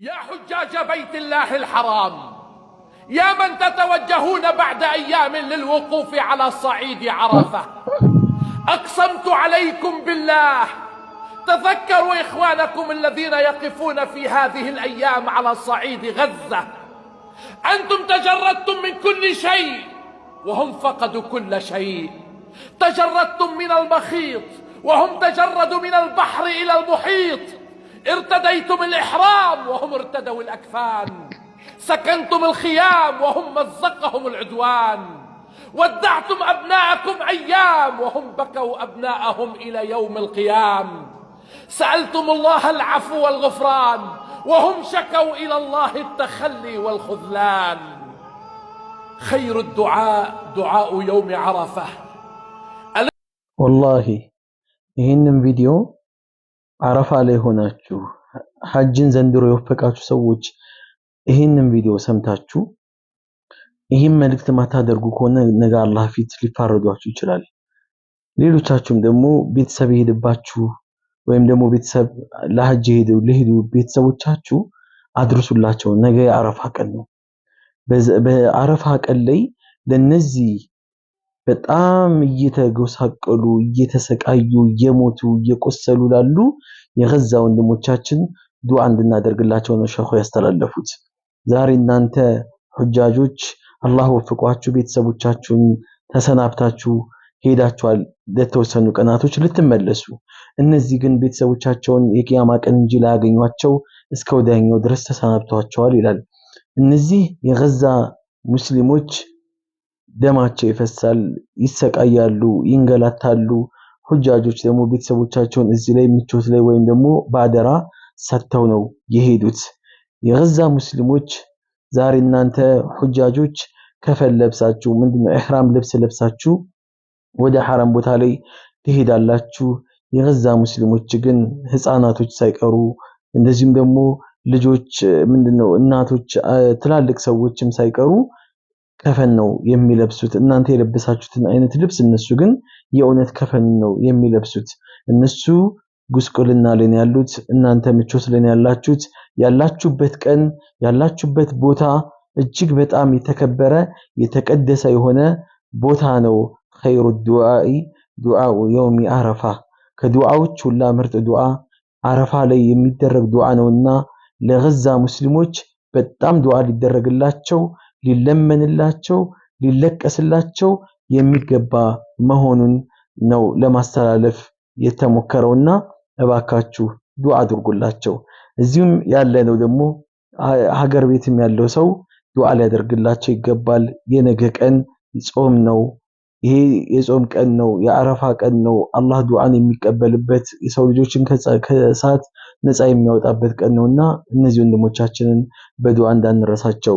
يا حجاج بيت الله الحرام يا من تتوجهون بعد أيام للوقوف على صعيد عرفة أقسمت عليكم بالله تذكروا إخوانكم الذين يقفون في هذه الأيام على صعيد غزة أنتم تجردتم من كل شيء وهم فقدوا كل شيء تجردتم من المخيط وهم تجردوا من البحر إلى المحيط ارتديتم الإحرام وهم ارتدوا الأكفان سكنتم الخيام وهم مزقهم العدوان ودعتم أبناءكم أيام وهم بكوا أبناءهم إلى يوم القيام سألتم الله العفو والغفران وهم شكوا إلى الله التخلي والخذلان خير الدعاء دعاء يوم عرفة والله هنا فيديو አረፋ ላይ ሆናችሁ ሀጅን ዘንድሮ የወፈቃችሁ ሰዎች ይህንን ቪዲዮ ሰምታችሁ ይህን መልእክት ማታደርጉ ከሆነ ነገ አላህ ፊት ሊፋረዷችሁ ይችላል። ሌሎቻችሁም ደግሞ ቤተሰብ የሄደባችሁ ወይም ደግሞ ቤተሰብ ለሀጅ ሄደው ለሄዱ ቤተሰቦቻችሁ አድርሱላቸው። ነገ የአረፋ ቀን ነው። በአረፋ ቀን ላይ ለነዚህ በጣም እየተጎሳቀሉ እየተሰቃዩ እየሞቱ እየቆሰሉ ላሉ የገዛ ወንድሞቻችን ዱዓ እንድናደርግላቸው ነው ሸኹ ያስተላለፉት። ዛሬ እናንተ ሁጃጆች አላህ ወፍቋችሁ ቤተሰቦቻችሁን ተሰናብታችሁ ሄዳችኋል ለተወሰኑ ቀናቶች ልትመለሱ። እነዚህ ግን ቤተሰቦቻቸውን የቅያማ ቀን እንጂ ላያገኟቸው እስከ ወዲያኛው ድረስ ተሰናብተዋቸዋል ይላል። እነዚህ የገዛ ሙስሊሞች ደማቸው ይፈሳል፣ ይሰቃያሉ፣ ይንገላታሉ። ሁጃጆች ደግሞ ቤተሰቦቻቸውን እዚህ ላይ ምቾት ላይ ወይም ደግሞ በአደራ ሰጥተው ነው የሄዱት። የገዛ ሙስሊሞች ዛሬ እናንተ ሁጃጆች ከፈል ለብሳችሁ ምንድነው ኢህራም ልብስ ለብሳችሁ ወደ ሐረም ቦታ ላይ ትሄዳላችሁ። የገዛ ሙስሊሞች ግን ህፃናቶች ሳይቀሩ እንደዚሁም ደግሞ ልጆች ምንድነው እናቶች፣ ትላልቅ ሰዎችም ሳይቀሩ ከፈን ነው የሚለብሱት። እናንተ የለበሳችሁትን አይነት ልብስ እነሱ ግን የእውነት ከፈን ነው የሚለብሱት። እነሱ ጉስቁልና ለን ያሉት፣ እናንተ ምቾት ለን ያላችሁት። ያላችሁበት ቀን ያላችሁበት ቦታ እጅግ በጣም የተከበረ የተቀደሰ የሆነ ቦታ ነው። ኸይሩ ዱዓኢ ዱዓኡ የውሚ አረፋ ከዱዓዎች ሁላ ምርጥ ዱዓ አረፋ ላይ የሚደረግ ዱዓ ነውና ለገዛ ሙስሊሞች በጣም ዱዓ ሊደረግላቸው ሊለመንላቸው ሊለቀስላቸው የሚገባ መሆኑን ነው ለማስተላለፍ የተሞከረውና እባካችሁ ዱዓ አድርጉላቸው። እዚሁም ያለ ነው ደግሞ ሀገር ቤትም ያለው ሰው ዱዓ ሊያደርግላቸው ይገባል። የነገ ቀን ጾም ነው። ይሄ የጾም ቀን ነው፣ የአረፋ ቀን ነው። አላህ ዱዓን የሚቀበልበት የሰው ልጆችን ከእሳት ነፃ የሚያወጣበት ቀን ነውና እነዚህ ወንድሞቻችንን በዱዓ እንዳንረሳቸው።